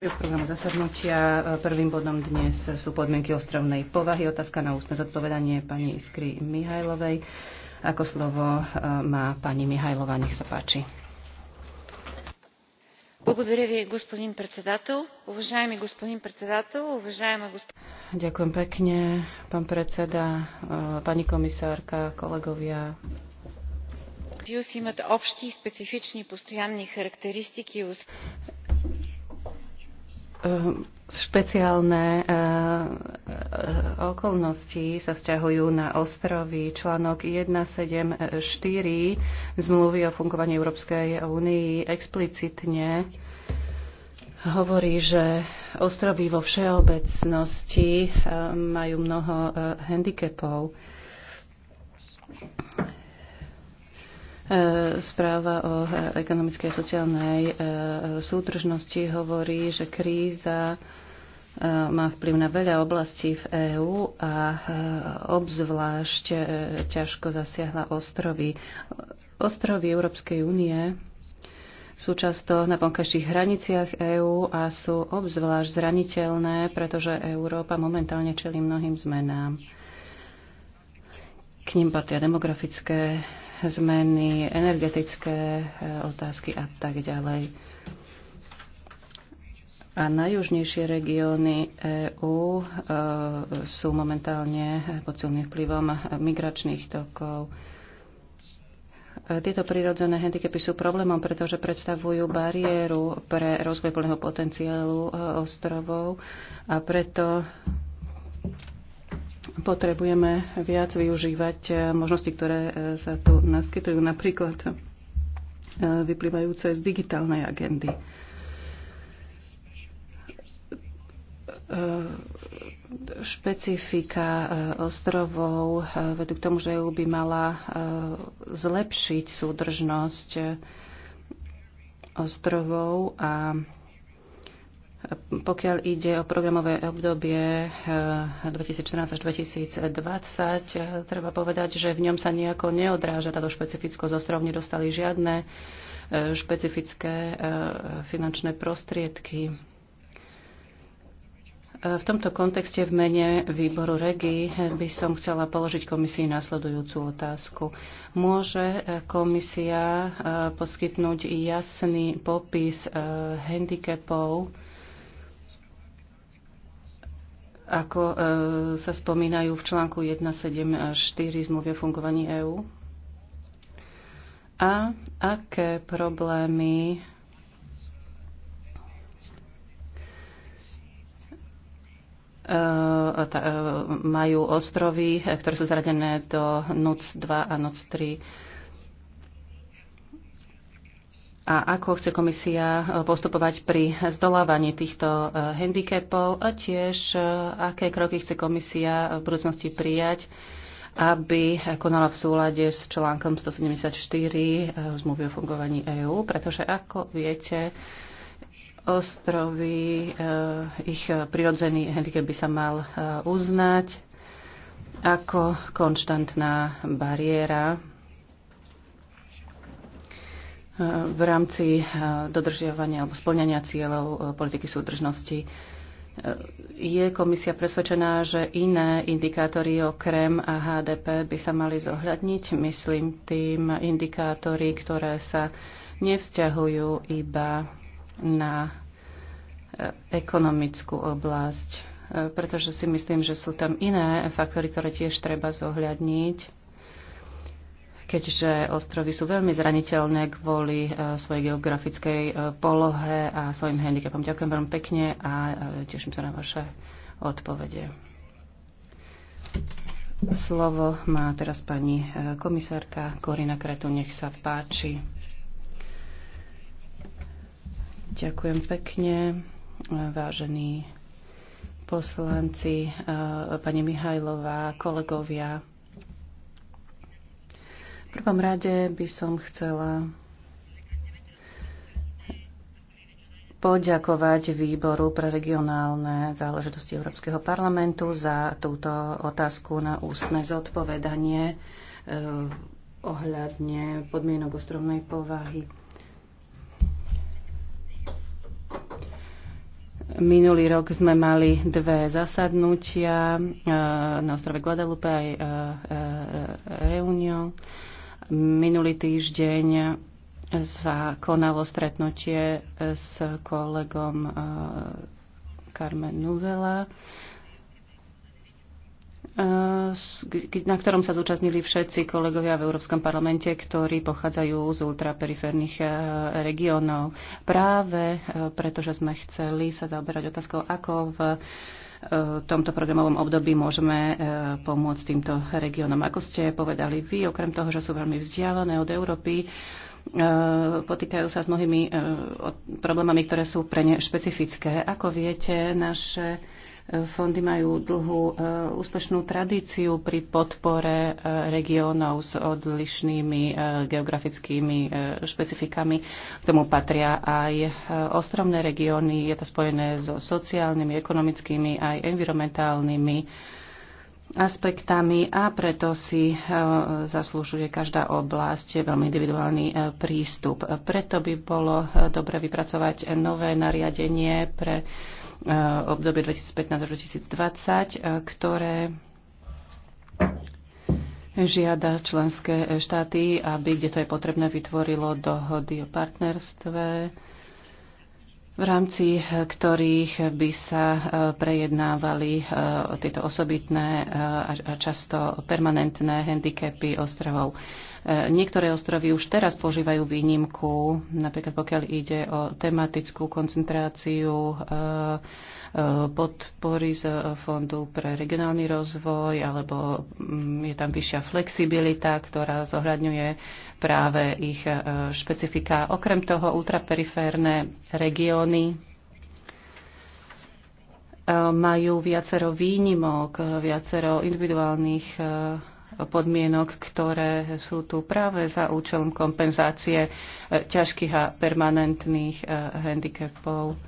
V programu zasadnutia e, prvým bodom dnes sú podmienky ostrovnej povahy. Otázka na ústne zodpovedanie pani Iskry Mihajlovej. Ako slovo e, má pani Mihajlova, nech sa páči. Благодаря ви, господин председател. Уважаеми господин председател, уважаема госп... Ďakujem pekne, pán predseda, e, pani komisárka, kolegovia, съюз имат общи и специфични постоянни характеристики Ehm, špeciálne ehm, okolnosti sa vzťahujú na ostrovy. Článok 174 zmluvy o fungovaní Európskej únii explicitne hovorí, že ostrovy vo všeobecnosti ehm, majú mnoho handicapov. E, správa o ekonomickej a sociálnej e, súdržnosti hovorí, že kríza e, má vplyv na veľa oblastí v EÚ a obzvlášť ťažko zasiahla ostrovy. Ostrovy Európskej únie sú často na vonkajších hraniciach EÚ a sú obzvlášť zraniteľné, pretože Európa momentálne čelí mnohým zmenám. K ním patria demografické zmeny, energetické eh, otázky a tak ďalej. A najjužnejšie regióny EÚ eh, sú momentálne pod silným vplyvom migračných tokov. Tieto prírodzené handicapy sú problémom, pretože predstavujú bariéru pre rozvoj plného potenciálu eh, ostrovov a preto potrebujeme viac využívať eh, možnosti, ktoré eh, sa tu naskytujú, napríklad eh, vyplývajúce z digitálnej agendy. Špecifika ostrovov vedú k tomu, že EU by mala zlepšiť súdržnosť ostrovov a pokiaľ ide o programové obdobie 2014 eh, až 2020, eh, treba povedať, že v ňom sa nejako neodráža táto špecifickosť. Ostrov nedostali žiadne eh, špecifické finančné prostriedky. V tomto kontexte v mene výboru REGI by som chcela položiť komisii následujúcu otázku. Môže komisia poskytnúť jasný popis handicapov, ako e, sa spomínajú v článku 174 zmluvy o fungovaní EÚ? A aké problémy e, e, majú ostrovy, ktoré sú zaradené do NUC 2 a NUC 3? a ako chce komisia eh, postupovať pri zdolávaní týchto eh, handicapov a tiež eh, aké kroky chce komisia v budúcnosti prijať, aby konala v súlade s článkom 174 zmluvy o fungovaní EÚ, pretože ako viete, ostrovy, ich prirodzený handicap by sa mal uznať ako konštantná bariéra v rámci eh, dodržiavania alebo splňania cieľov eh, politiky súdržnosti. Eh, je komisia presvedčená, že iné indikátory okrem a HDP by sa mali zohľadniť, myslím tým indikátory, ktoré sa nevzťahujú iba na ekonomickú oblasť, pretože si myslím, že sú tam iné faktory, ktoré tiež treba zohľadniť keďže ostrovy sú veľmi zraniteľné kvôli e, svojej geografickej e, polohe a svojim handicapom. Ďakujem veľmi pekne a e, teším sa na vaše odpovede. Slovo má teraz pani komisárka Korina Kretu. Nech sa páči. Ďakujem pekne, vážení poslanci, pani Mihajlová, kolegovia. V prvom rade by som chcela poďakovať výboru pre regionálne záležitosti Európskeho parlamentu za túto otázku na ústne zodpovedanie e, ohľadne podmienok ostrovnej povahy. Minulý rok sme mali dve zasadnutia e, na ostrove Guadalupe aj e, Reunion. Minulý týždeň sa konalo stretnutie s kolegom eh, Carmen Nuvela, eh, na ktorom sa zúčastnili všetci kolegovia v Európskom parlamente, ktorí pochádzajú z ultraperiférnych eh, regiónov. Práve pretože sme chceli sa zaoberať otázkou, ako v v tomto programovom období môžeme e, pomôcť týmto regiónom. Ako ste povedali vy, okrem toho, že sú veľmi vzdialené od Európy, e, potýkajú sa s mnohými e, problémami, ktoré sú pre ne špecifické. Ako viete, naše Fondy majú dlhú e, úspešnú tradíciu pri podpore e, regiónov s odlišnými e, geografickými špecifikami. K tomu patria aj ostrovné regióny. Je to spojené so sociálnymi, ekonomickými aj environmentálnymi aspektami a preto si zaslúžuje každá oblasť veľmi individuálny prístup. Preto by bolo dobre vypracovať nové nariadenie pre Eh, obdobie 2015-2020, eh, ktoré žiada členské štáty, aby, kde to je potrebné, vytvorilo dohody o partnerstve, v rámci eh, ktorých by sa prejednávali tieto osobitné a často permanentné handicapy ostrovov. Niektoré ostrovy už teraz používajú výnimku, napríklad pokiaľ ide o tematickú koncentráciu e, e, podpory z Fondu pre regionálny rozvoj, alebo mm, je tam vyššia flexibilita, ktorá zohľadňuje práve ich e, špecifika. Okrem toho ultraperiférne regióny majú viacero výnimok, viacero individuálnych podmienok, ktoré sú tu práve za účelom kompenzácie e, ťažkých a permanentných e, handicapov.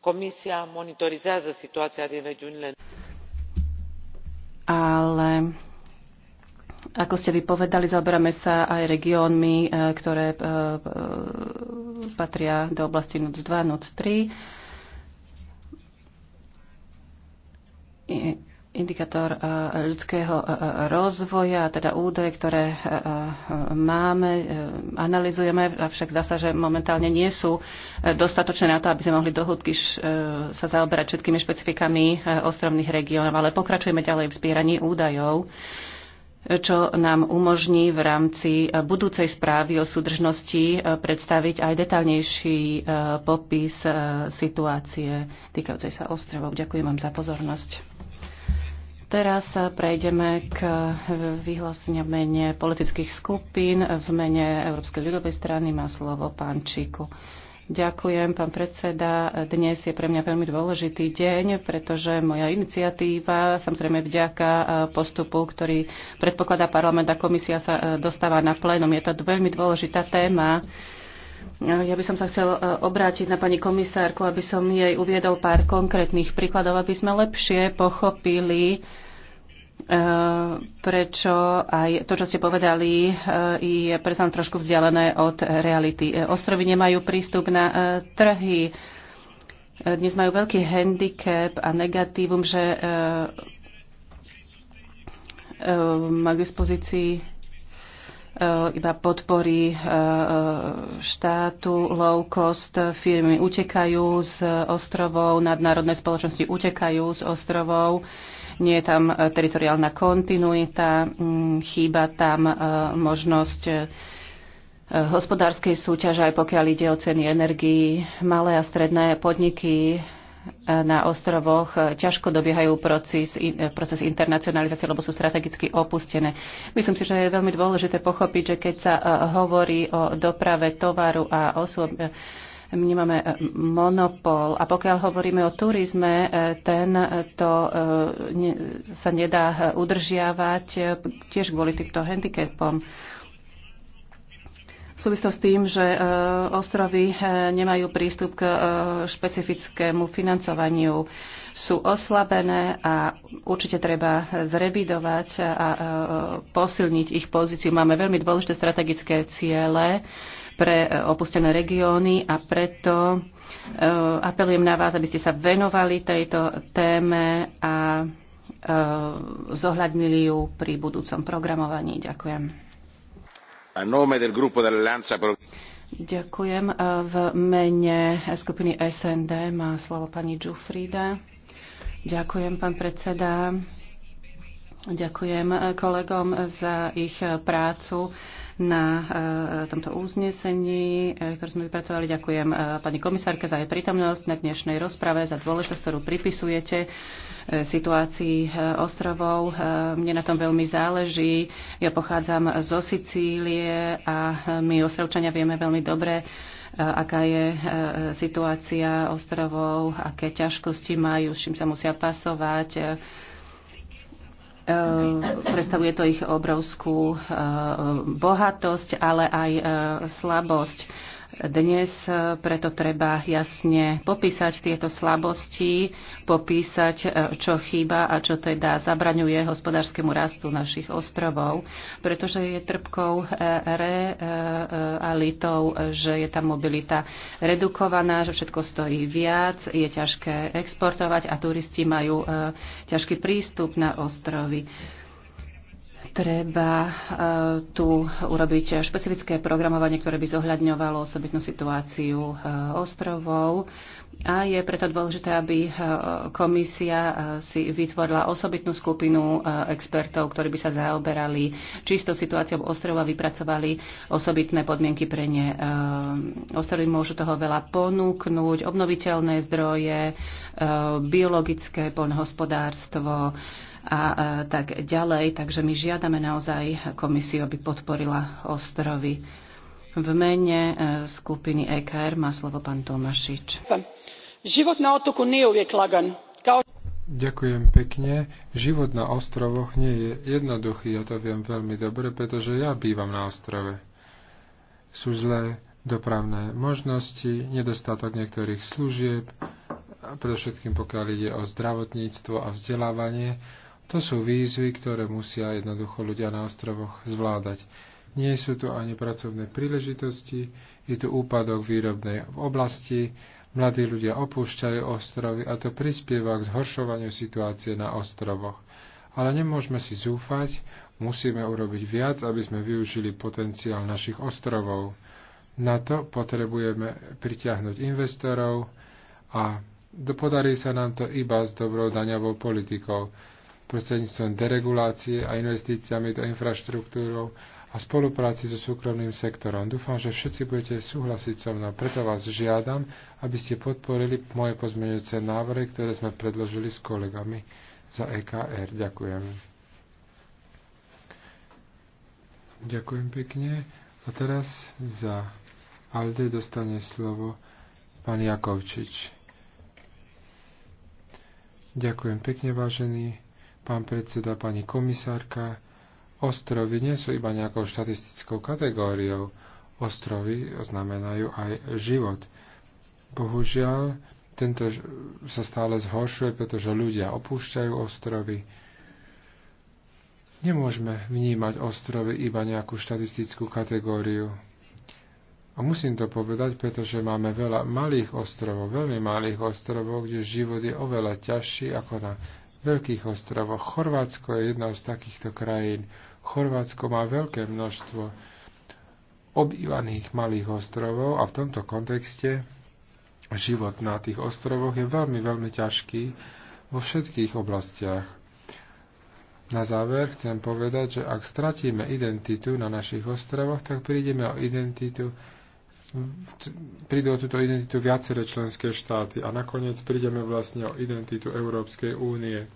Komisia monitorizează situația din regiunile. Ale ako ste vy povedali, zaoberáme sa aj regiónmi, e, ktoré patria do oblasti NUC 2, NUC 3 indikátor eh, ľudského eh, rozvoja, teda údaje, ktoré eh, máme, analizujeme, avšak zdá sa, že momentálne nie sú dostatočné na to, aby sme mohli dohudky sa zaoberať všetkými špecifikami ostrovných regiónov, ale pokračujeme ďalej v zbieraní údajov čo nám umožní v rámci budúcej správy o súdržnosti predstaviť aj detaľnejší popis situácie týkajúcej sa ostrovov. Ďakujem vám za pozornosť. Teraz prejdeme k vyhláseniu mene politických skupín. V mene Európskej ľudovej strany má slovo pán Číku. Ďakujem, pán predseda. Dnes je pre mňa veľmi dôležitý deň, pretože moja iniciatíva, samozrejme vďaka eh, postupu, ktorý predpokladá parlament a komisia, sa eh, dostáva na plénum. Je to veľmi dôležitá téma ja by som sa chcel e, obrátiť na pani komisárku, aby som jej uviedol pár konkrétnych príkladov, aby sme lepšie pochopili, e, prečo aj to, čo ste povedali, e, je predsa trošku vzdialené od reality. Ostrovy nemajú prístup na trhy. Dnes majú veľký handicap a negatívum, že má k dispozícii Eh, iba podpory eh, štátu, low cost firmy utekajú z ostrovov, nadnárodné spoločnosti utekajú z ostrovov, nie je tam eh, teritoriálna kontinuita, mm, chýba tam možnosť hospodárskej súťaže, aj pokiaľ ide o ceny energii, Malé a stredné podniky na ostrovoch ťažko dobiehajú proces, proces internacionalizácie, lebo sú strategicky opustené. Myslím si, že je veľmi dôležité pochopiť, že keď sa e, hovorí o doprave tovaru a osôb, e, my nemáme e, monopol. A pokiaľ hovoríme o turizme, ten to sa nedá udržiavať tiež kvôli týmto handicapom súvislo s tým, že e, ostrovy e, nemajú prístup k e, špecifickému financovaniu. Sú oslabené a určite treba zrevidovať a posilniť ich pozíciu. Máme veľmi dôležité strategické ciele pre opustené regióny a preto apelujem na vás, aby ste sa venovali tejto téme a zohľadnili ju pri budúcom programovaní. Ďakujem a nome del gruppo dell'Alleanza Ďakujem. E, v mene skupiny SND má slovo pani Giuffrida. Ďakujem, pán predseda. Ďakujem e, kolegom za ich e, prácu na eh, tomto uznesení, eh, ktoré sme vypracovali. Ďakujem eh, pani komisárke za jej prítomnosť na dnešnej rozprave, za dôležitosť, ktorú pripisujete situácii ostrovov. Mne na tom veľmi záleží. Ja pochádzam zo Sicílie a my ostrovčania vieme veľmi dobre, aká je situácia ostrovov, aké ťažkosti majú, s čím sa musia pasovať, Eh, predstavuje to ich obrovskú eh, bohatosť, ale aj eh, slabosť. Dnes preto treba jasne popísať tieto slabosti, popísať, e, čo chýba a čo teda zabraňuje hospodárskému rastu našich ostrovov, pretože je trpkou e, realitou, e, že je tá mobilita redukovaná, že všetko stojí viac, je ťažké exportovať a turisti majú ťažký prístup na ostrovy. Treba e, tu urobiť špecifické programovanie, ktoré by zohľadňovalo osobitnú situáciu e, ostrovov. A je preto dôležité, aby e, komisia si vytvorila osobitnú skupinu expertov, ktorí by sa zaoberali čisto situáciou ostrova, vypracovali osobitné podmienky pre ne. Ostrovy môžu toho veľa ponúknuť, obnoviteľné zdroje, biologické poľnohospodárstvo, a e, tak ďalej. Takže my žiadame naozaj komisiu, aby podporila ostrovy. V mene e, skupiny EKR má slovo pán Tomašič. Život na otoku nie je uviek lagan. Kao... Ďakujem pekne. Život na ostrovoch nie je jednoduchý, ja to viem veľmi dobre, pretože ja bývam na ostrove. Sú zlé dopravné možnosti, nedostatok niektorých služieb, predovšetkým pokiaľ ide o zdravotníctvo a vzdelávanie. To sú výzvy, ktoré musia jednoducho ľudia na ostrovoch zvládať. Nie sú tu ani pracovné príležitosti, je tu úpadok výrobnej oblasti, mladí ľudia opúšťajú ostrovy a to prispieva k zhoršovaniu situácie na ostrovoch. Ale nemôžeme si zúfať, musíme urobiť viac, aby sme využili potenciál našich ostrovov. Na to potrebujeme pritiahnuť investorov a podarí sa nám to iba s dobrou daňovou politikou prostredníctvom deregulácie a investíciami do infraštruktúrov a spolupráci so súkromným sektorom. Dúfam, že všetci budete súhlasiť so mnou, preto vás žiadam, aby ste podporili moje pozmeňujúce návrhy, ktoré sme predložili s kolegami za EKR. Ďakujem. Ďakujem pekne. A teraz za Alde dostane slovo pán Jakovčič. Ďakujem pekne, vážený pán predseda, pani komisárka. Ostrovy nie sú iba nejakou štatistickou kategóriou. Ostrovy znamenajú aj život. Bohužiaľ, tento sa stále zhoršuje, pretože ľudia opúšťajú ostrovy. Nemôžeme vnímať ostrovy iba nejakú štatistickú kategóriu. A musím to povedať, pretože máme veľa malých ostrovov, veľmi malých ostrovov, kde život je oveľa ťažší ako na veľkých ostrovoch. Chorvátsko je jednou z takýchto krajín. Chorvátsko má veľké množstvo obývaných malých ostrovov a v tomto kontexte život na tých ostrovoch je veľmi, veľmi ťažký vo všetkých oblastiach. Na záver chcem povedať, že ak stratíme identitu na našich ostrovoch, tak prídeme o identitu prídu o túto identitu viaceré členské štáty a nakoniec prídeme vlastne o identitu Európskej únie.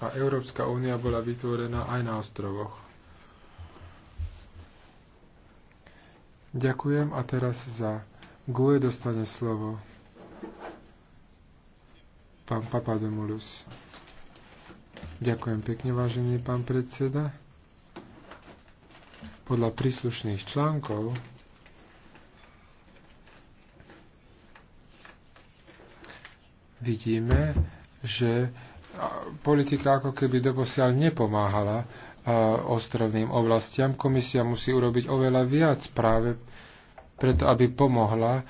A Európska únia bola vytvorená aj na ostrovoch. Ďakujem a teraz za GUE dostane slovo pán Papadomulus. Ďakujem pekne, vážený pán predseda. Podľa príslušných článkov vidíme, že politika ako keby doposiaľ nepomáhala ostrovným oblastiam. Komisia musí urobiť oveľa viac práve preto, aby pomohla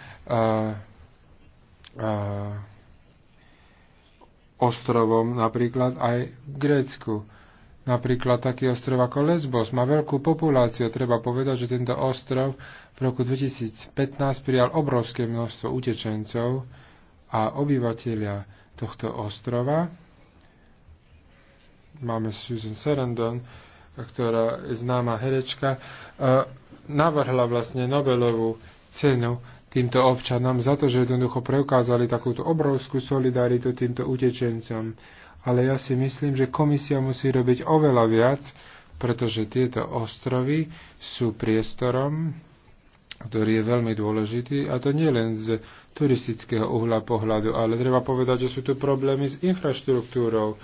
ostrovom napríklad aj v Grécku. Napríklad taký ostrov ako Lesbos má veľkú populáciu. Treba povedať, že tento ostrov v roku 2015 prijal obrovské množstvo utečencov a obyvateľia tohto ostrova. Máme Susan Sarandon, ktorá je známa herečka, e, navrhla vlastne Nobelovú cenu týmto občanom za to, že jednoducho preukázali takúto obrovskú solidaritu týmto utečencom. Ale ja si myslím, že komisia musí robiť oveľa viac, pretože tieto ostrovy sú priestorom, ktorý je veľmi dôležitý, a to nie len z turistického uhla pohľadu, ale treba povedať, že sú tu problémy s infraštruktúrou.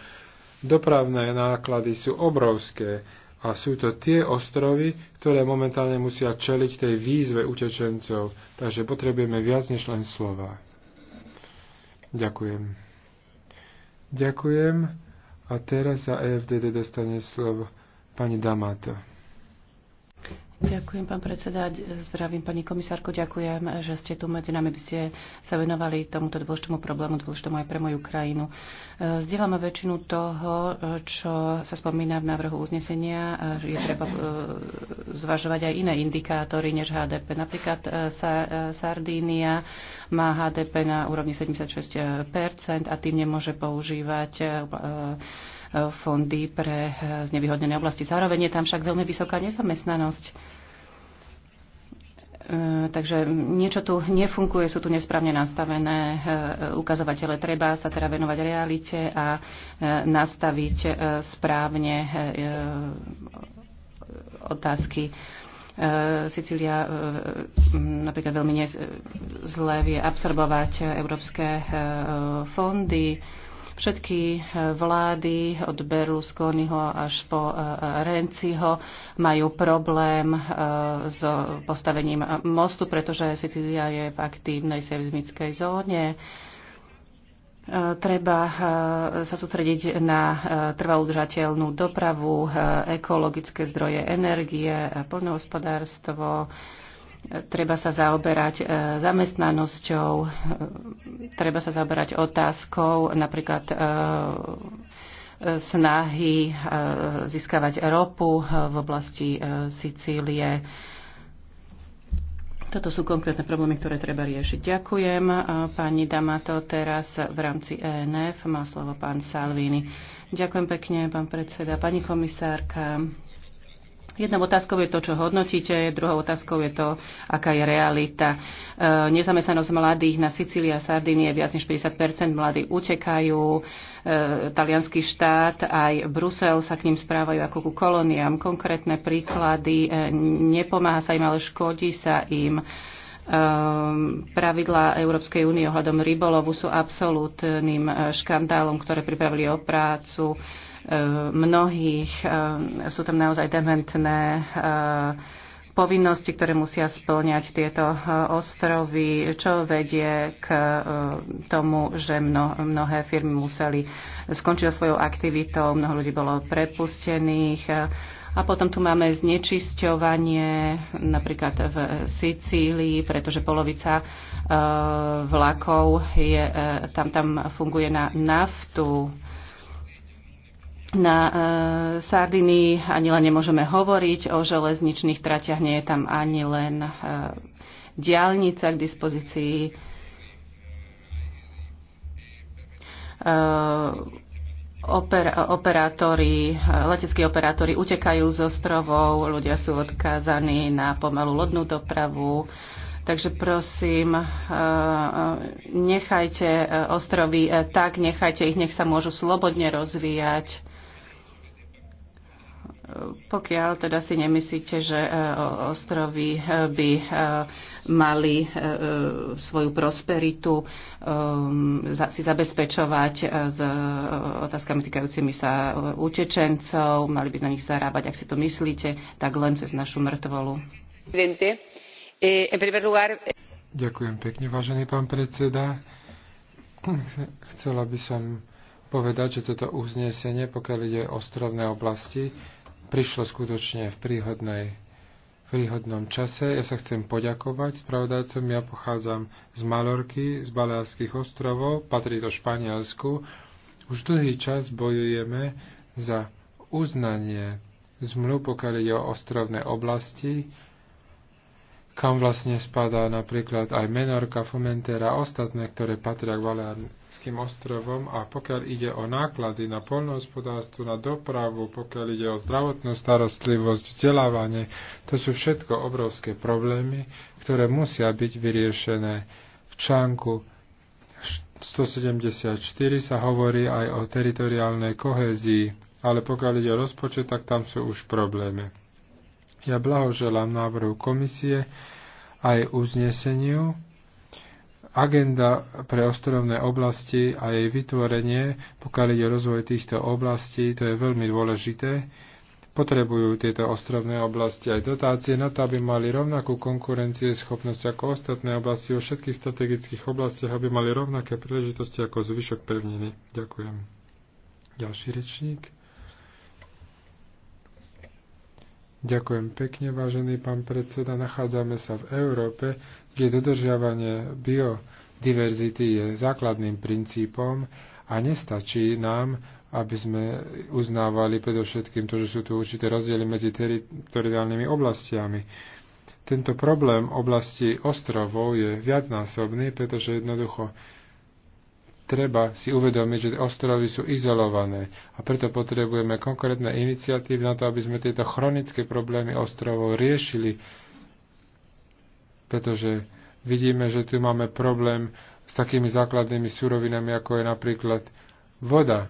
Dopravné náklady sú obrovské a sú to tie ostrovy, ktoré momentálne musia čeliť tej výzve utečencov, takže potrebujeme viac než len slova. Ďakujem. Ďakujem. A teraz za EFDD dostane slovo pani Damato. Ďakujem, pán predseda. Zdravím, pani komisárko. Ďakujem, že ste tu medzi nami, by ste sa venovali tomuto dôležitému problému, dôležitému aj pre moju krajinu. Zdieľame väčšinu toho, čo sa spomína v návrhu uznesenia. Je treba e, zvažovať aj iné indikátory než HDP. Napríklad e, e, Sardínia má HDP na úrovni 76 a tým nemôže používať fondy pre eh, znevýhodnené oblasti. Zároveň je tam však veľmi vysoká nezamestnanosť eh, takže niečo tu nefunguje, sú tu nesprávne nastavené eh, ukazovatele. Treba sa teda venovať realite a nastaviť správne otázky. Sicília napríklad veľmi zle vie absorbovať európske fondy Všetky eh, vlády od Berlusconiho až po eh, Renciho majú problém eh, s postavením mostu, pretože Sicília je v aktívnej seizmickej zóne. Treba sa sústrediť na trvalú držateľnú dopravu, ekologické zdroje energie, poľnohospodárstvo, treba sa zaoberať e, zamestnanosťou, e, treba sa zaoberať otázkou napríklad e, snahy získavať ropu v oblasti Sicílie. Toto sú konkrétne problémy, ktoré treba riešiť. Ďakujem. Pani Damato, teraz v rámci ENF má slovo pán Salvini. Ďakujem pekne, pán predseda, pani komisárka. Jednou otázkou je to, čo hodnotíte, druhou otázkou je to, aká je realita. E, nezamestnanosť mladých na Sicílii a Sardínii je viac než 50 mladí utekajú. E, talianský štát aj Brusel sa k ním správajú ako ku kolóniám. Konkrétne príklady, e, nepomáha sa im, ale škodí sa im. Um, pravidlá Európskej únie ohľadom rybolovu sú absolútnym e, škandálom, ktoré pripravili o prácu Eh, mnohých. Eh, sú tam naozaj dementné eh, povinnosti, ktoré musia splňať tieto ostrovy, čo vedie k tomu, že mno, mnohé firmy museli skončiť svojou aktivitou, mnoho ľudí bolo prepustených. A potom tu máme znečisťovanie napríklad v Sicílii, pretože polovica vlakov je, tam, tam funguje na naftu na e, Sardiny ani len nemôžeme hovoriť o železničných tratiach, nie je tam ani len e, diálnica k dispozícii. E, oper, operátori, leteckí operátori utekajú z ostrovov, ľudia sú odkázaní na pomalú lodnú dopravu. Takže prosím, e, e, nechajte e, ostrovy tak, nechajte ich, nech sa môžu slobodne rozvíjať pokiaľ teda si nemyslíte, že e, ostrovy e, by e, mali svoju prosperitu um, si zabezpečovať s otázkami týkajúcimi sa utečencov, mali by na nich zarábať, ak si to myslíte, tak len cez našu mŕtvolu. Ďakujem pekne, vážený pán predseda. Chcela by som povedať, že toto uznesenie, pokiaľ ide o ostrovné oblasti, prišlo skutočne v príhodnej príhodnom čase. Ja sa chcem poďakovať spravodajcom. Ja pochádzam z Malorky, z Baleárskych ostrovov, patrí to Španielsku. Už dlhý čas bojujeme za uznanie zmluv, pokiaľ ide o ostrovné oblasti, kam vlastne spadá napríklad aj Menorka, Fomentera a ostatné, ktoré patria k Baleárským ostrovom. A pokiaľ ide o náklady na polnohospodárstvo, na dopravu, pokiaľ ide o zdravotnú starostlivosť, vzdelávanie, to sú všetko obrovské problémy, ktoré musia byť vyriešené. V článku 174 sa hovorí aj o teritoriálnej kohézii, ale pokiaľ ide o rozpočet, tak tam sú už problémy. Ja blahoželám návrhu komisie aj uzneseniu. Agenda pre ostrovné oblasti a jej vytvorenie, pokiaľ ide o rozvoj týchto oblastí, to je veľmi dôležité. Potrebujú tieto ostrovné oblasti aj dotácie na to, aby mali rovnakú schopnosť ako ostatné oblasti vo všetkých strategických oblastiach, aby mali rovnaké príležitosti ako zvyšok pevniny. Ďakujem. Ďalší rečník. Ďakujem pekne, vážený pán predseda. Nachádzame sa v Európe, kde dodržiavanie biodiverzity je základným princípom a nestačí nám, aby sme uznávali predovšetkým to, že sú tu určité rozdiely medzi teritoriálnymi oblastiami. Tento problém oblasti ostrovov je viacnásobný, pretože jednoducho treba si uvedomiť, že ostrovy sú izolované a preto potrebujeme konkrétne iniciatívy na to, aby sme tieto chronické problémy ostrovov riešili, pretože vidíme, že tu máme problém s takými základnými surovinami, ako je napríklad voda.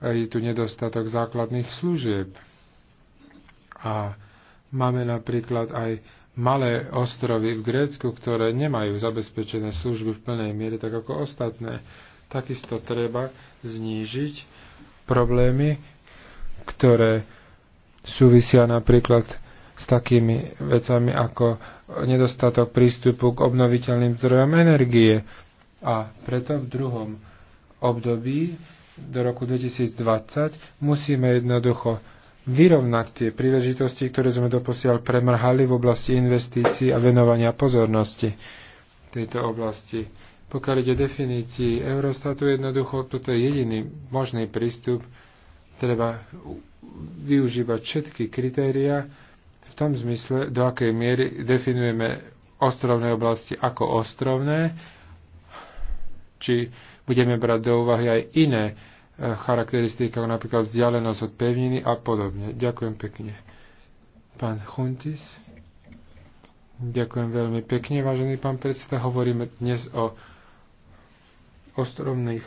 Je tu nedostatok základných služieb. A máme napríklad aj malé ostrovy v Grécku, ktoré nemajú zabezpečené služby v plnej miere, tak ako ostatné. Takisto treba znížiť problémy, ktoré súvisia napríklad s takými vecami ako nedostatok prístupu k obnoviteľným zdrojom energie. A preto v druhom období do roku 2020 musíme jednoducho vyrovnať tie príležitosti, ktoré sme doposiaľ premrhali v oblasti investícií a venovania pozornosti tejto oblasti. Pokiaľ ide o definícii Eurostatu, jednoducho toto je jediný možný prístup. Treba využívať všetky kritéria v tom zmysle, do akej miery definujeme ostrovné oblasti ako ostrovné, či budeme brať do úvahy aj iné e, charakteristiky, ako napríklad vzdialenosť od pevniny a podobne. Ďakujem pekne. Pán Chuntis. Ďakujem veľmi pekne, vážený pán predseda. Hovoríme dnes o ostrovných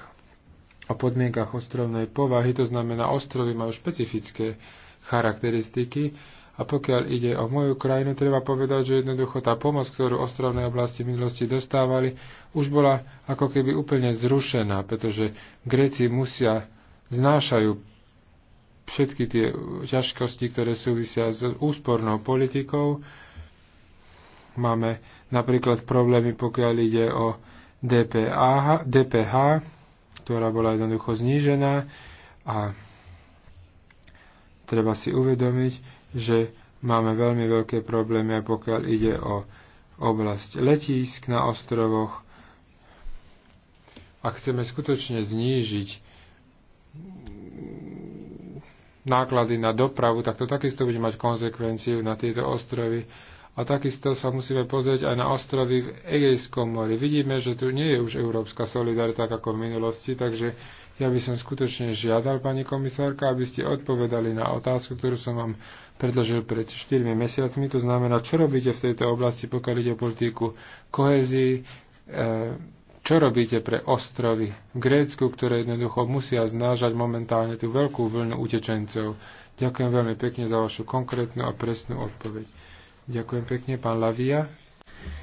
o podmienkach ostrovnej povahy, to znamená, ostrovy majú špecifické charakteristiky a pokiaľ ide o moju krajinu, treba povedať, že jednoducho tá pomoc, ktorú ostrovné oblasti minulosti dostávali, už bola ako keby úplne zrušená, pretože Gréci musia, znášajú všetky tie ťažkosti, ktoré súvisia s úspornou politikou. Máme napríklad problémy, pokiaľ ide o DPH, DPH ktorá bola jednoducho znížená a treba si uvedomiť, že máme veľmi veľké problémy, pokiaľ ide o oblasť letísk na ostrovoch. Ak chceme skutočne znížiť náklady na dopravu, tak to takisto bude mať konsekvenciu na tieto ostrovy a takisto sa musíme pozrieť aj na ostrovy v Egejskom mori. Vidíme, že tu nie je už európska solidarita ako v minulosti, takže ja by som skutočne žiadal, pani komisárka, aby ste odpovedali na otázku, ktorú som vám predložil pred 4 mesiacmi. To znamená, čo robíte v tejto oblasti, pokiaľ ide o politiku kohezii, e, čo robíte pre ostrovy v Grécku, ktoré jednoducho musia znážať momentálne tú veľkú vlnu utečencov. Ďakujem veľmi pekne za vašu konkrétnu a presnú odpoveď. Ďakujem pekne, pán Lavia.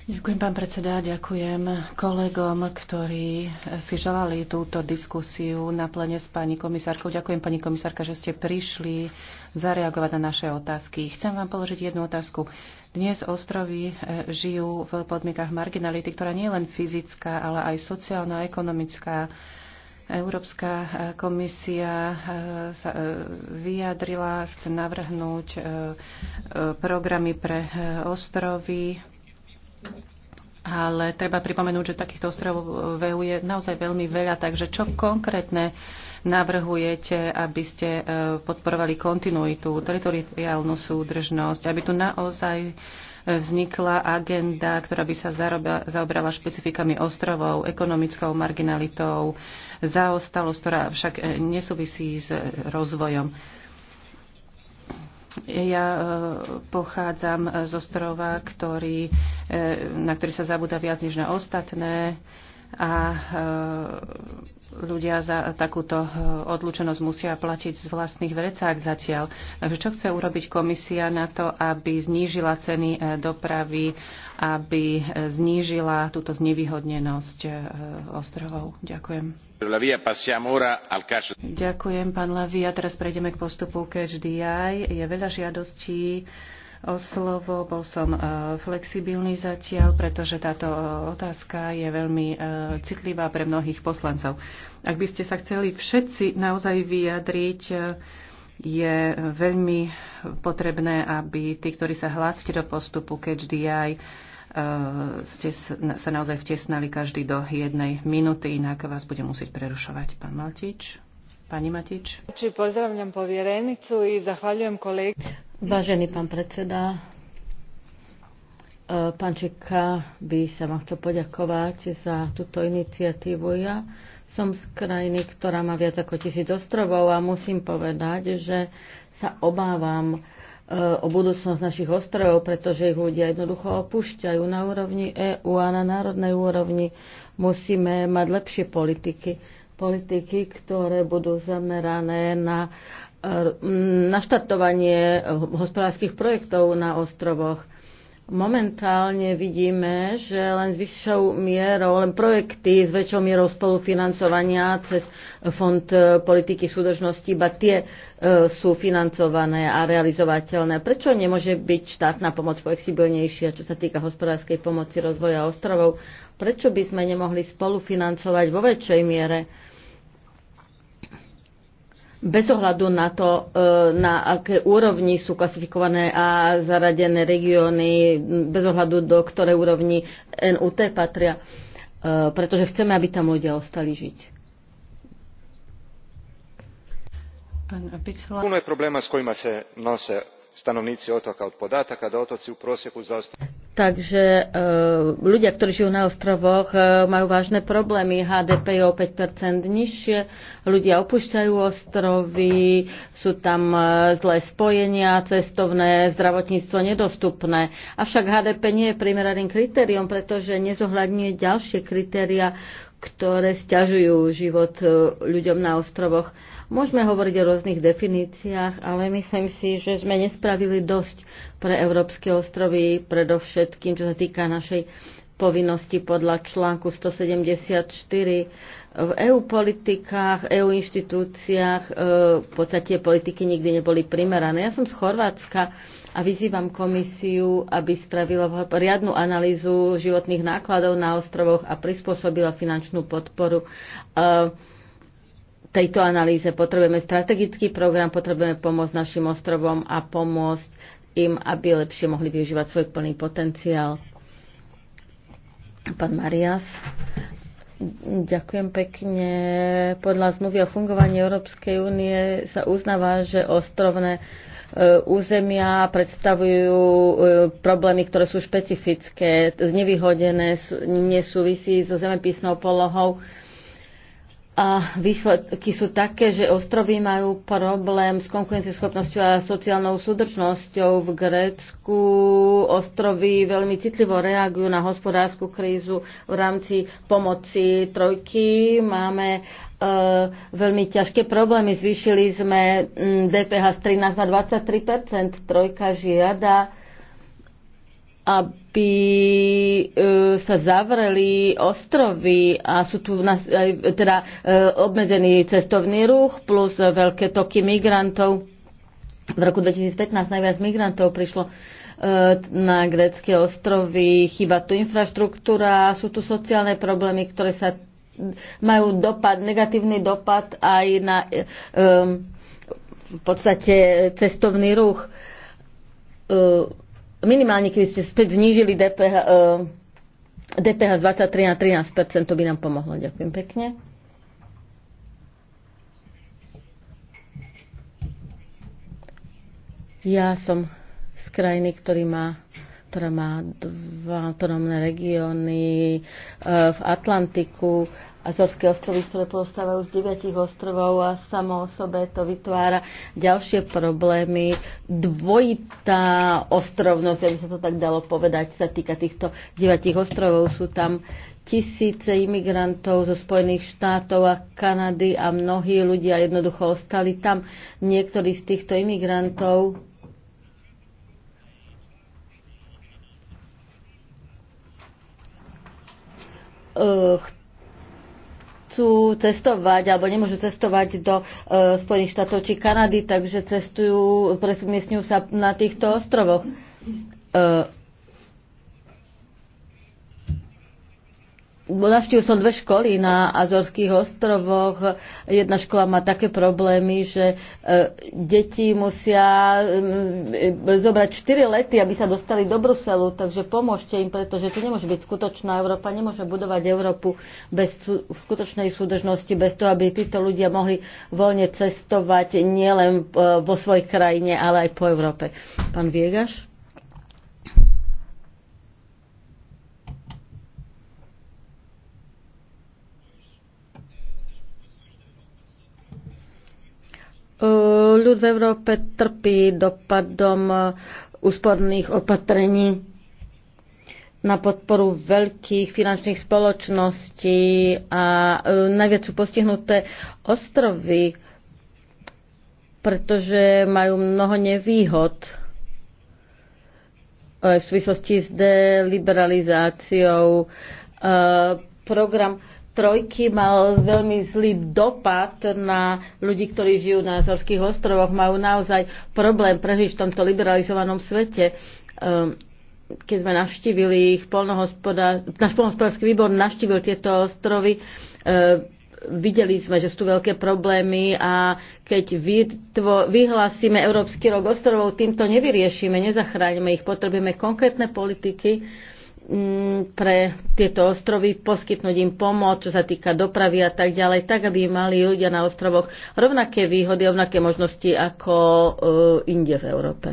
Ďakujem, pán predseda, ďakujem kolegom, ktorí si želali túto diskusiu na plene s pani komisárkou. Ďakujem, pani komisárka, že ste prišli zareagovať na naše otázky. Chcem vám položiť jednu otázku. Dnes ostrovy e, žijú v podmienkach marginality, ktorá nie je len fyzická, ale aj sociálna, ekonomická, Európska eh, komisia eh, sa eh, vyjadrila, chce navrhnúť programy pre ostrovy, ale treba pripomenúť, že takýchto ostrovov v EU je naozaj veľmi veľa, takže čo konkrétne navrhujete, aby ste podporovali kontinuitu, teritoriálnu súdržnosť, aby tu naozaj vznikla agenda, ktorá by sa zaobrala špecifikami ostrovov, ekonomickou marginalitou, zaostalosť, ktorá však e, nesúvisí s e, rozvojom. Ja e, pochádzam z ostrova, ktorý, na ktorý sa zabúda viac než na ostatné a ľudia za takúto e, odlučenosť musia platiť z vlastných vrecák zatiaľ. Takže čo chce urobiť komisia na to, aby znížila ceny e, dopravy, aby e, znížila túto znevýhodnenosť ostrovov? Ďakujem. Ďakujem, pán Lavia. Teraz prejdeme k postupu Catch DI. Je veľa žiadostí o slovo. Bol som e, flexibilný zatiaľ, pretože táto e, otázka je veľmi e, citlivá pre mnohých poslancov. Ak by ste sa chceli všetci naozaj vyjadriť, je veľmi potrebné, aby tí, ktorí sa hlásite do postupu Catch ste sa naozaj vtesnali každý do jednej minúty, inak vás budem musieť prerušovať. Pán Maltič. Pani Matič. pozdravňam povierenicu i zahvaľujem kolegi Vážený pán predseda, e, pán Čeka by sa vám chcel poďakovať za túto iniciatívu. Ja som z krajiny, ktorá má viac ako tisíc ostrovov a musím povedať, že sa obávam e, o budúcnosť našich ostrovov, pretože ich ľudia jednoducho opúšťajú na úrovni EÚ a na národnej úrovni. Musíme mať lepšie politiky, politiky, ktoré budú zamerané na naštartovanie hospodárskych projektov na ostrovoch. Momentálne vidíme, že len s vyššou mierou, len projekty s väčšou mierou spolufinancovania cez Fond politiky súdržnosti, iba tie e, sú financované a realizovateľné. Prečo nemôže byť štátna pomoc flexibilnejšia, čo sa týka hospodárskej pomoci rozvoja ostrovov? Prečo by sme nemohli spolufinancovať vo väčšej miere bez ohľadu na to, e, na aké úrovni sú klasifikované a zaradené regióny, bez ohľadu do ktorej úrovni NUT patria, e, pretože chceme, aby tam ľudia ostali žiť. Puno je problema s kojima se nose stanovnici otoka od podataka da otoci u prosjeku zaostali. Takže e, ľudia, ktorí žijú na ostrovoch, e, majú vážne problémy. HDP je o 5 nižšie, ľudia opúšťajú ostrovy, sú tam e, zlé spojenia, cestovné, zdravotníctvo nedostupné. Avšak HDP nie je primeraným kritériom, pretože nezohľadňuje ďalšie kritéria, ktoré stiažujú život ľuďom na ostrovoch. Môžeme hovoriť o rôznych definíciách, ale myslím si, že sme nespravili dosť pre európske ostrovy, predovšetkým čo sa týka našej povinnosti podľa článku 174 v EU politikách, EU inštitúciách e, v podstate politiky nikdy neboli primerané. Ja som z Chorvátska a vyzývam komisiu, aby spravila riadnu analýzu životných nákladov na ostrovoch a prispôsobila finančnú podporu. Uh, tejto analýze. Potrebujeme strategický program, potrebujeme pomôcť našim ostrovom a pomôcť im, aby lepšie mohli využívať svoj plný potenciál. Pán Marias. Ďakujem pekne. Podľa zmluvy o fungovaní Európskej únie sa uznáva, že ostrovné e, územia predstavujú e, problémy, ktoré sú špecifické, znevýhodené, nesúvisí so zemepisnou polohou a výsledky sú také, že ostrovy majú problém s konkurencieschopnosťou a sociálnou súdržnosťou v Grécku. Ostrovy veľmi citlivo reagujú na hospodárskú krízu v rámci pomoci trojky. Máme e, veľmi ťažké problémy. Zvýšili sme DPH z 13 na 23 Trojka žiada aby e, sa zavreli ostrovy a sú tu teda e, obmedzený cestovný ruch plus veľké toky migrantov. V roku 2015 najviac migrantov prišlo e, na grécké ostrovy, chyba tu infraštruktúra, sú tu sociálne problémy, ktoré sa majú dopad, negatívny dopad aj na e, v podstate cestovný ruch. E, minimálne keby ste späť znížili DPH, e, DPH z 23 na 13 to by nám pomohlo. Ďakujem pekne. Ja som z krajiny, ktorý má, ktorá má dva autonómne regióny e, v Atlantiku Azorské ostrovy, ktoré pozostávajú z deviatich ostrovov a samo o sebe to vytvára ďalšie problémy. Dvojitá ostrovnosť, aby sa to tak dalo povedať, sa týka týchto deviatich ostrovov. Sú tam tisíce imigrantov zo Spojených štátov a Kanady a mnohí ľudia jednoducho ostali tam. Niektorí z týchto imigrantov nechcú cestovať alebo nemôžu cestovať do e, Spojených štátov či Kanady, takže cestujú, presmiestňujú sa na týchto ostrovoch. E, Navštívil som dve školy na Azorských ostrovoch. Jedna škola má také problémy, že e, deti musia mm, e, zobrať 4 lety, aby sa dostali do Bruselu, takže pomôžte im, pretože to nemôže byť skutočná Európa. Nemôže budovať Európu bez skutočnej súdržnosti, bez toho, aby títo ľudia mohli voľne cestovať nielen e, vo svojej krajine, ale aj po Európe. Pán Viegaš? Ľud v Európe trpí dopadom e, úsporných opatrení na podporu veľkých finančných spoločností a e, najviac sú postihnuté ostrovy, pretože majú mnoho nevýhod e, v súvislosti s deliberalizáciou. Program trojky mal veľmi zlý dopad na ľudí, ktorí žijú na Azorských ostrovoch, majú naozaj problém prežiť v tomto liberalizovanom svete. Ehm, keď sme navštívili ich polnohospodár... náš polnohospodársky výbor navštívil tieto ostrovy, ehm, videli sme, že sú tu veľké problémy a keď vytvo, vyhlásime Európsky rok ostrovov, týmto nevyriešime, nezachránime ich, potrebujeme konkrétne politiky, Mm, pre tieto ostrovy, poskytnúť im pomoc, čo sa týka dopravy a tak ďalej, tak aby mali ľudia na ostrovoch rovnaké výhody, rovnaké možnosti ako e, inde v Európe.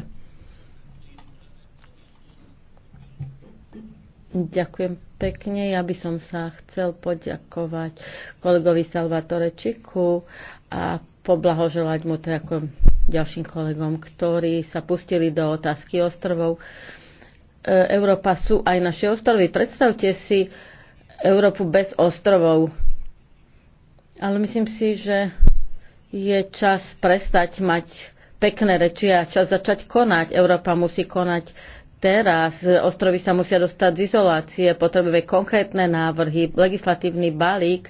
Ďakujem pekne. Ja by som sa chcel poďakovať kolegovi Salvatore Čiku a poblahoželať mu to teda ako ďalším kolegom, ktorí sa pustili do otázky ostrovov. E, Európa sú aj naše ostrovy. Predstavte si Európu bez ostrovov. Ale myslím si, že je čas prestať mať pekné reči a čas začať konať. Európa musí konať teraz. Ostrovy sa musia dostať z izolácie, potrebuje konkrétne návrhy, legislatívny balík,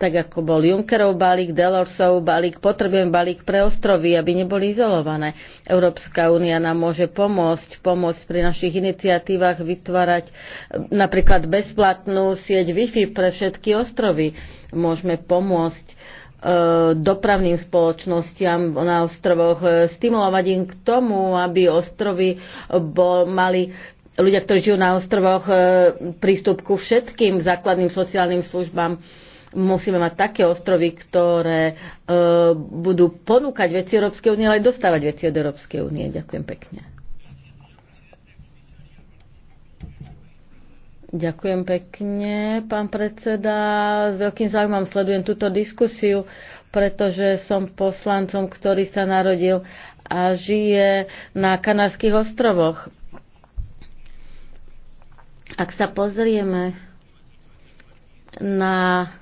tak ako bol Junckerov balík, Delorsov balík, potrebujem balík pre ostrovy, aby neboli izolované. Európska únia nám môže pomôcť, pomôcť pri našich iniciatívach vytvárať eh, napríklad bezplatnú sieť Wi-Fi pre všetky ostrovy. Môžeme pomôcť eh, dopravným spoločnostiam na ostrovoch, eh, stimulovať im k tomu, aby ostrovy bol, mali ľudia, ktorí žijú na ostrovoch, prístup ku všetkým základným sociálnym službám musíme mať také ostrovy, ktoré e, budú ponúkať veci Európskej únie, ale aj dostávať veci od Európskej únie. Ďakujem pekne. Ďakujem pekne, pán predseda. S veľkým záujmom sledujem túto diskusiu, pretože som poslancom, ktorý sa narodil a žije na Kanárskych ostrovoch. Ak sa pozrieme na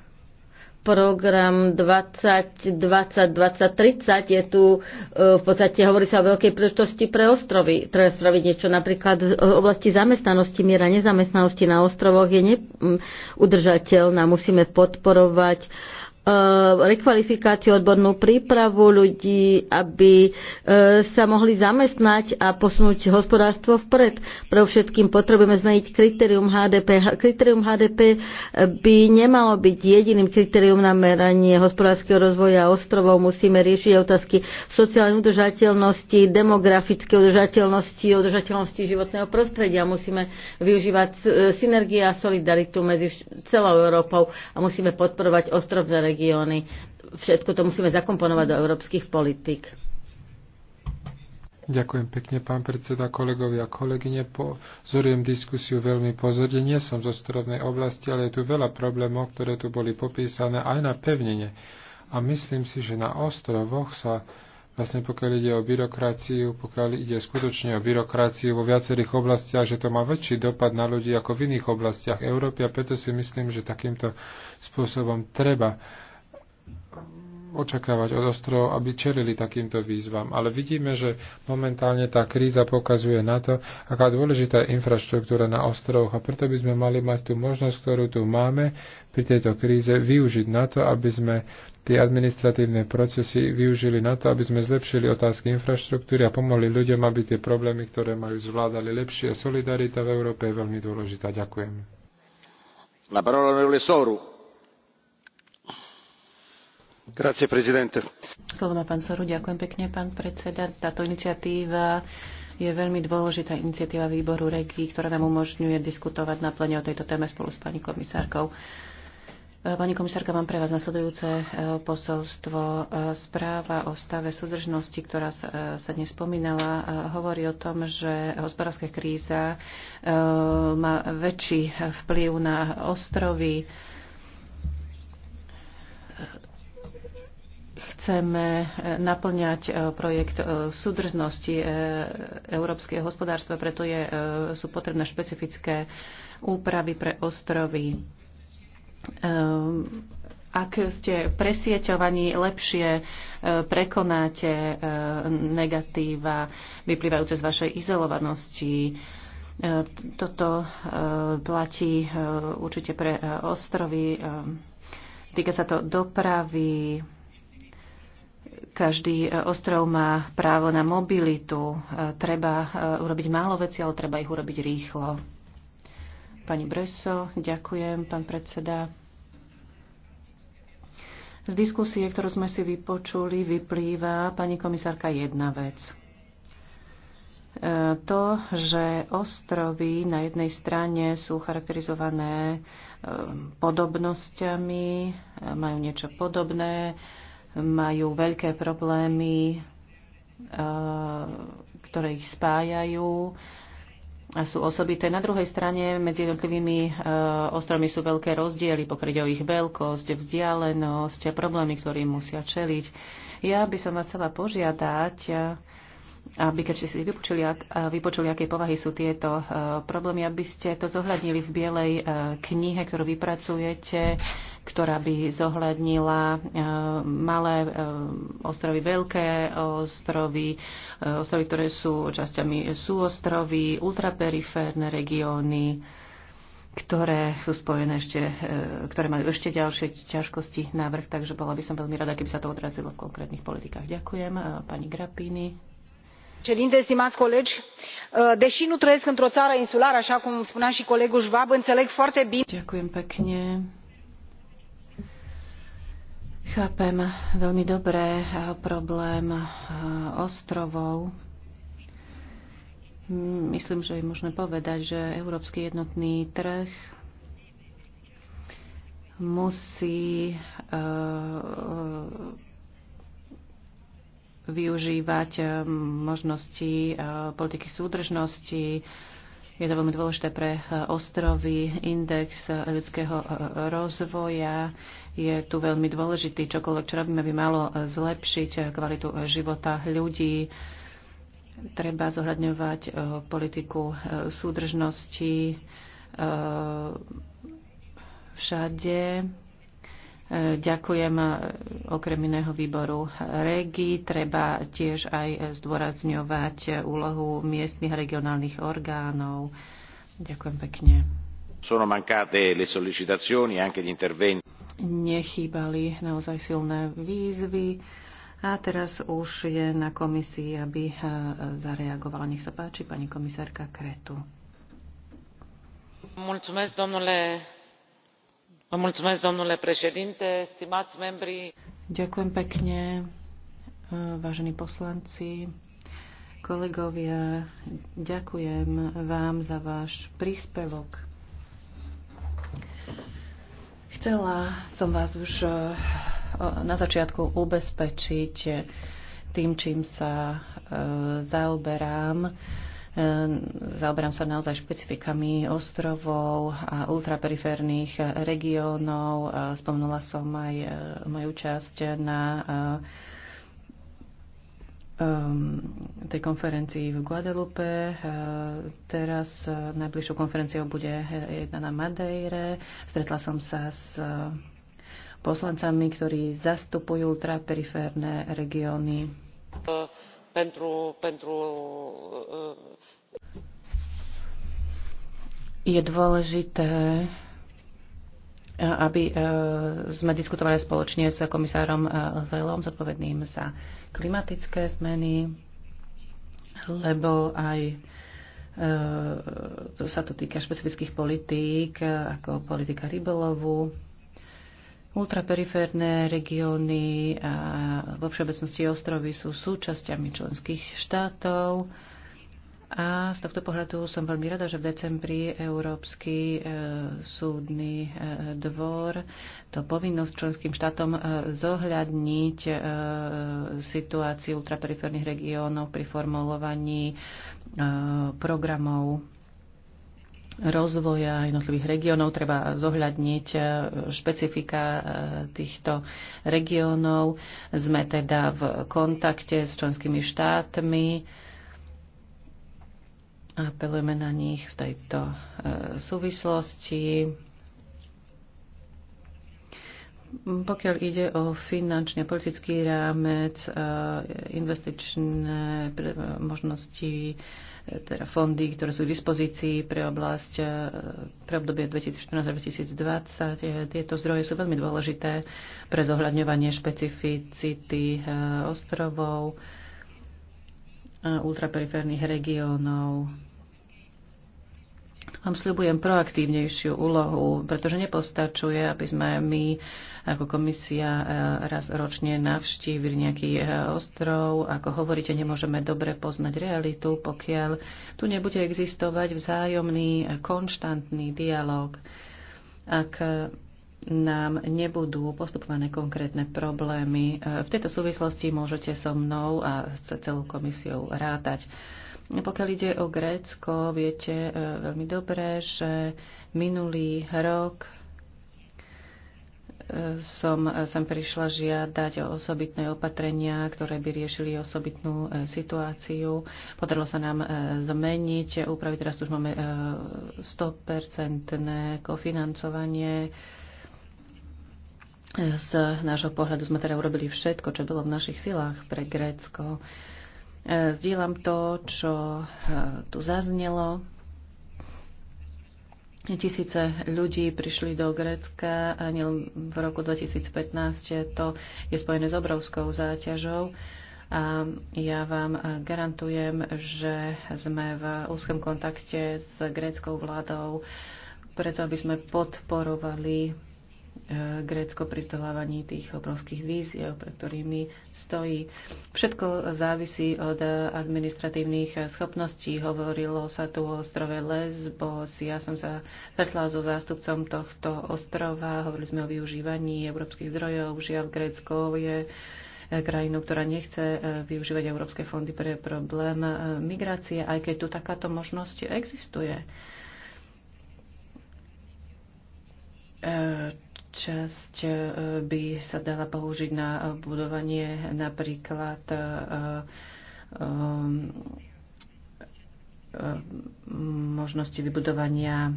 program 2020 2030 je tu e, v podstate hovorí sa o veľkej príležitosti pre ostrovy. Treba spraviť niečo napríklad v oblasti zamestnanosti. Miera nezamestnanosti na ostrovoch je neudržateľná. Musíme podporovať uh, Eh, rekvalifikáciu, odbornú prípravu ľudí, aby eh, sa mohli zamestnať a posunúť hospodárstvo vpred. Pre všetkým potrebujeme zmeniť kritérium HDP. Kritérium HDP eh, by nemalo byť jediným kritérium na meranie hospodárskeho rozvoja ostrovov. Musíme riešiť otázky sociálnej udržateľnosti, demografické udržateľnosti, udržateľnosti životného prostredia. Musíme využívať synergie a solidaritu medzi celou Európou a musíme podporovať ostrovné regióny regióny. Všetko to musíme zakomponovať do európskych politik. Ďakujem pekne, pán predseda, kolegovia a kolegyne. Pozorujem diskusiu veľmi pozorne. Nie som zo strednej oblasti, ale je tu veľa problémov, ktoré tu boli popísané aj na pevnine. A myslím si, že na ostrovoch sa vlastne pokiaľ ide o byrokraciu, pokiaľ ide skutočne o byrokraciu vo viacerých oblastiach, že to má väčší dopad na ľudí ako v iných oblastiach Európy a preto si myslím, že takýmto spôsobom treba očakávať od ostrovov, aby čelili takýmto výzvam. Ale vidíme, že momentálne tá kríza pokazuje na to, aká dôležitá je infraštruktúra na ostrovoch a preto by sme mali mať tú možnosť, ktorú tu máme pri tejto kríze, využiť na to, aby sme tie administratívne procesy využili na to, aby sme zlepšili otázky infraštruktúry a pomohli ľuďom, aby tie problémy, ktoré majú, zvládali lepšie. Solidarita v Európe je veľmi dôležitá. Ďakujem. La parola onorevole Soru pán ďakujem pekne, pán predseda. Táto iniciatíva je veľmi dôležitá iniciatíva výboru REGI, ktorá nám umožňuje diskutovať na plene o tejto téme spolu s pani komisárkou. E, pani komisárka, mám pre vás nasledujúce e, posolstvo. E, správa o stave súdržnosti, ktorá sa dnes spomínala, hovorí o tom, že hospodárska kríza má väčší vplyv na ostrovy, chceme e, naplňať e, projekt e, súdržnosti európskeho hospodárstva, preto je, sú potrebné špecifické úpravy pre ostrovy. Ehm, ak ste presieťovaní, lepšie prekonáte negatíva vyplývajúce z vašej izolovanosti. Toto platí určite pre ostrovy. Ehm, týka sa to dopravy, každý e, ostrov má právo na mobilitu. E, treba e, urobiť málo veci, ale treba ich urobiť rýchlo. Pani Breso, ďakujem, pán predseda. Z diskusie, ktorú sme si vypočuli, vyplýva, pani komisárka, jedna vec. To, že ostrovy na jednej strane sú charakterizované podobnosťami, majú niečo podobné, majú veľké problémy, e, ktoré ich spájajú a sú osobité. Na druhej strane medzi jednotlivými e, ostrovmi sú veľké rozdiely, pokryť o ich veľkosť, vzdialenosť a problémy, ktorým musia čeliť. Ja by som vás chcela požiadať, aby keď ste si vypočuli, vypočuli, aké povahy sú tieto e, problémy, aby ste to zohľadnili v bielej e, knihe, ktorú vypracujete, ktorá by zohľadnila e, malé ostrovy, veľké ostrovy, ostrovy, ktoré sú časťami súostrovy, ultraperiférne regióny, ktoré sú spojené ešte, ktoré majú ešte ďalšie ťažkosti návrh, takže bola by som veľmi rada, keby sa to odrazilo v konkrétnych politikách. Ďakujem pani Grapini domnule președinte stimați colegi uh, deși nu trăiesc într o țară insulară așa cum spunea și colegul schwab înțeleg foarte bine. Uh, uh, Myslím, že je možné povedať, že európsky jednotný trh musí využívať eh, možnosti eh, politiky súdržnosti. Je to veľmi dôležité pre eh, ostrovy. Index ľudského rozvoja je tu veľmi dôležitý. Čokoľvek, čo robíme, by malo zlepšiť kvalitu života ľudí. Treba zohľadňovať politiku súdržnosti všade Ďakujem e, okrem iného výboru REGI. Treba tiež aj zdôrazňovať úlohu miestnych a regionálnych orgánov. Ďakujem pekne. Sono mancate le sollecitazioni e anche di interventi. Nechýbali naozaj silné výzvy. A teraz už je na komisii, aby e, zareagovala. Nech sa páči, pani komisárka Kretu. Mulțumesc, domnule domnule președinte stimați membri ďakujem pekne eh, vážení poslanci kolegovia ďakujem vám za váš príspevok chcela som vás už eh, na začiatku ubezpečiť eh, tým čím sa zaoberám Ehm, zaoberám sa naozaj špecifikami ostrovov a ultraperiférnych regiónov. Ehm, Spomnula som aj ehm, moju časť na tej konferencii v Guadalupe. Teraz najbližšou konferenciou bude jedna na Madeire. Stretla som sa s poslancami, ktorí zastupujú ultraperiférne regióny pentru, uh, je dôležité, eh, aby eh, sme diskutovali spoločne s komisárom eh, Velom, zodpovedným za klimatické zmeny, lebo aj sa to týka špecifických politík, ako politika rybolovu, Ultraperiférne regióny a vo všeobecnosti ostrovy sú súčasťami členských štátov. A z tohto pohľadu som veľmi rada, že v decembri Európsky e, súdny e, dvor to povinnosť členským štátom e, zohľadniť e, situáciu ultraperiférnych regiónov pri formulovaní e, programov rozvoja jednotlivých regiónov. Treba zohľadniť e, špecifika e, týchto regiónov. Sme teda v kontakte s členskými štátmi. Apelujeme na nich v tejto e, súvislosti. Pokiaľ ide o finančný a politický rámec, investičné možnosti, teda fondy, ktoré sú k dispozícii pre oblasť e, pre obdobie 2014-2020. Tieto zdroje sú veľmi dôležité pre zohľadňovanie špecificity e, ostrovov, e, ultraperiférnych regiónov. Vám sľubujem proaktívnejšiu úlohu, pretože nepostačuje, aby sme my ako komisia e, raz ročne navštívili nejaký e, ostrov. Ako hovoríte, nemôžeme dobre poznať realitu, pokiaľ tu nebude existovať vzájomný, e, konštantný dialog. Ak nám nebudú postupované konkrétne problémy. V tejto súvislosti môžete so mnou a s celou komisiou rátať. Pokiaľ ide o Grécko, viete veľmi dobre, že minulý rok som sem prišla žiadať o osobitné opatrenia, ktoré by riešili osobitnú e, situáciu. Podarilo sa nám e, zmeniť úpravy. Teraz už máme 100% e, kofinancovanie. Z nášho pohľadu sme teda urobili všetko, čo bolo v našich silách pre Grécko. Zdieľam to, čo tu zaznelo Vlastne tisíce ľudí prišli do Grécka a v roku 2015 to je spojené s obrovskou záťažou. A ja vám garantujem, že sme v úzkom kontakte s gréckou vládou, preto aby sme podporovali Grécko pri zdolávaní tých obrovských víziev, eh, pre ktorými stojí. Všetko závisí od administratívnych schopností. Hovorilo sa tu o ostrove Lesbos. Ja som sa stretla so zástupcom tohto ostrova. Hovorili sme o využívaní európskych zdrojov. Žiaľ, Grécko je eh, krajinu, ktorá nechce eh, využívať európske fondy pre problém migrácie, aj keď tu takáto možnosť existuje časť e, by sa dala použiť na budovanie napríklad e, e, možnosti vybudovania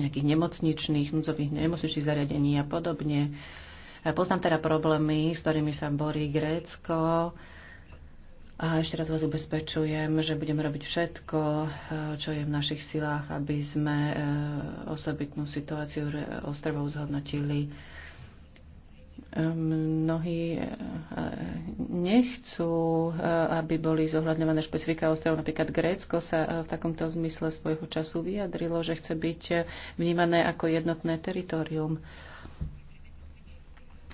nejakých nemocničných, núdzových nemocničných zariadení a podobne. Poznám teda problémy, s ktorými sa borí Grécko a ešte raz vás ubezpečujem, že budeme robiť všetko, eh, čo je v našich silách, aby sme eh, osobitnú situáciu ostrovov zhodnotili. Ehm, mnohí eh, nechcú, aby boli zohľadňované špecifika ostrovov. Napríklad Grécko sa v takomto zmysle svojho času vyjadrilo, že chce byť vnímané ako jednotné teritorium.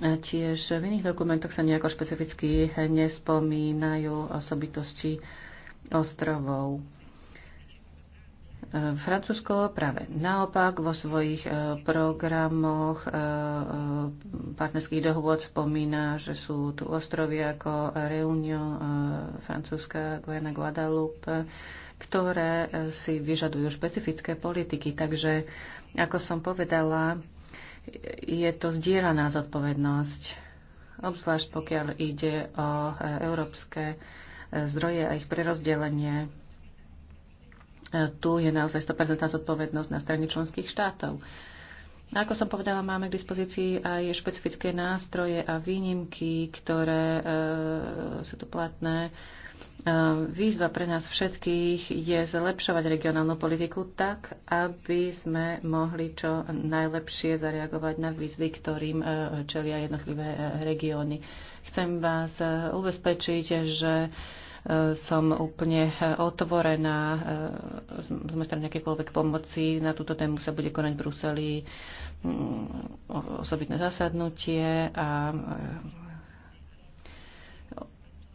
Tiež v iných dokumentoch sa nejako špecificky nespomínajú osobitosti ostrovov. Francúzsko práve naopak vo svojich e, programoch e, e, partnerských dohôd spomína, že sú tu ostrovy ako Reunion, Francúzska, Guiana, Guadalupe, ktoré si vyžadujú špecifické politiky. Takže, ako som povedala, je to zdieľaná zodpovednosť, obzvlášť pokiaľ ide o e, európske e, zdroje a ich prerozdelenie. E, tu je naozaj 100% zodpovednosť na strane členských štátov. A ako som povedala, máme k dispozícii aj špecifické nástroje a výnimky, ktoré e, sú tu platné. E, E, výzva pre nás všetkých je zlepšovať regionálnu politiku tak, aby sme mohli čo najlepšie zareagovať na výzvy, ktorým e, čelia jednotlivé e, regióny. Chcem vás ubezpečiť, že som úplne otvorená z mojej strany akékoľvek pomoci. Na túto tému sa bude konať v Bruseli mm, osobitné zasadnutie a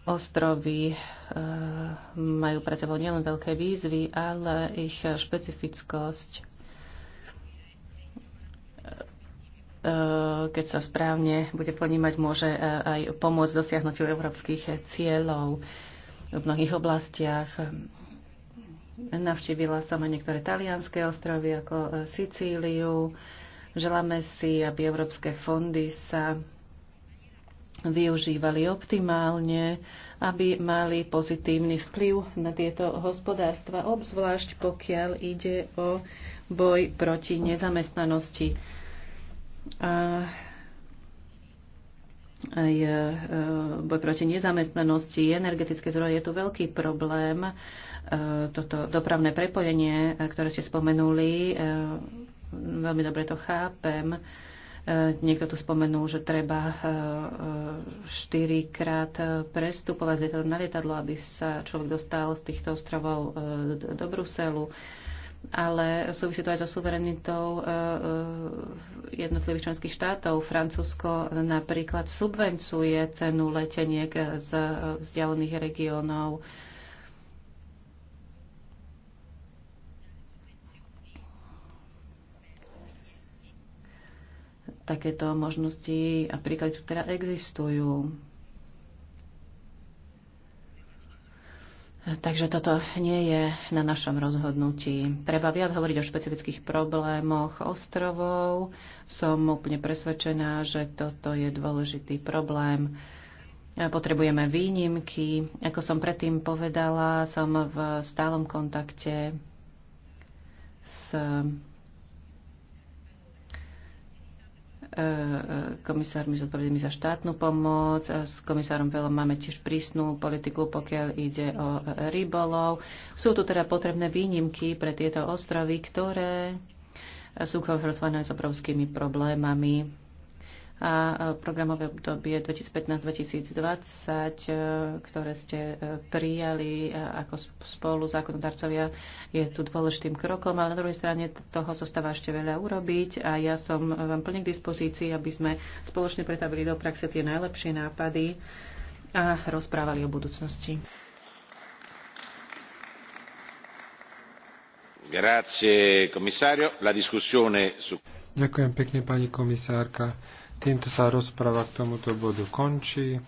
Ostrovy e, majú pred sebou nielen veľké výzvy, ale ich špecifickosť, e, keď sa správne bude ponímať, môže e, aj pomôcť dosiahnutiu európskych cieľov v mnohých oblastiach. Navštívila som aj niektoré talianské ostrovy ako Sicíliu. Želáme si, aby európske fondy sa využívali optimálne, aby mali pozitívny vplyv na tieto hospodárstva, obzvlášť pokiaľ ide o boj proti nezamestnanosti. A aj e, boj proti nezamestnanosti, energetické zdroje, je tu veľký problém. E, toto dopravné prepojenie, e, ktoré ste spomenuli, veľmi dobre to chápem E, niekto tu spomenul, že treba e, e, štyrikrát prestupovať z lietadla na lietadlo, aby sa človek dostal z týchto ostrovov do Bruselu ale súvisí to aj so suverenitou jednotlivých členských štátov. Francúzsko napríklad subvencuje cenu leteniek z vzdialených regiónov Takéto možnosti a príklady tu teda existujú. Takže toto nie je na našom rozhodnutí. Treba viac hovoriť o špecifických problémoch ostrovov. Som úplne presvedčená, že toto je dôležitý problém. Potrebujeme výnimky. Ako som predtým povedala, som v stálom kontakte s E, komisármi zodpovednými za štátnu pomoc. A e, s komisárom Velom máme tiež prísnu politiku, pokiaľ ide o rybolov. Sú tu teda potrebné výnimky pre tieto ostrovy, ktoré sú konfrontované s obrovskými problémami a programové obdobie 2015-2020, e, ktoré ste e, prijali e, ako spolu zákonodarcovia, je tu dôležitým krokom, ale na druhej strane toho zostáva ešte veľa urobiť a ja som vám plne k dispozícii, aby sme spoločne pretavili do praxe tie najlepšie nápady a rozprávali o budúcnosti. Grazie, La su... Ďakujem pekne, pani komisárka. Týmto sa rozpráva k tomuto bodu končí.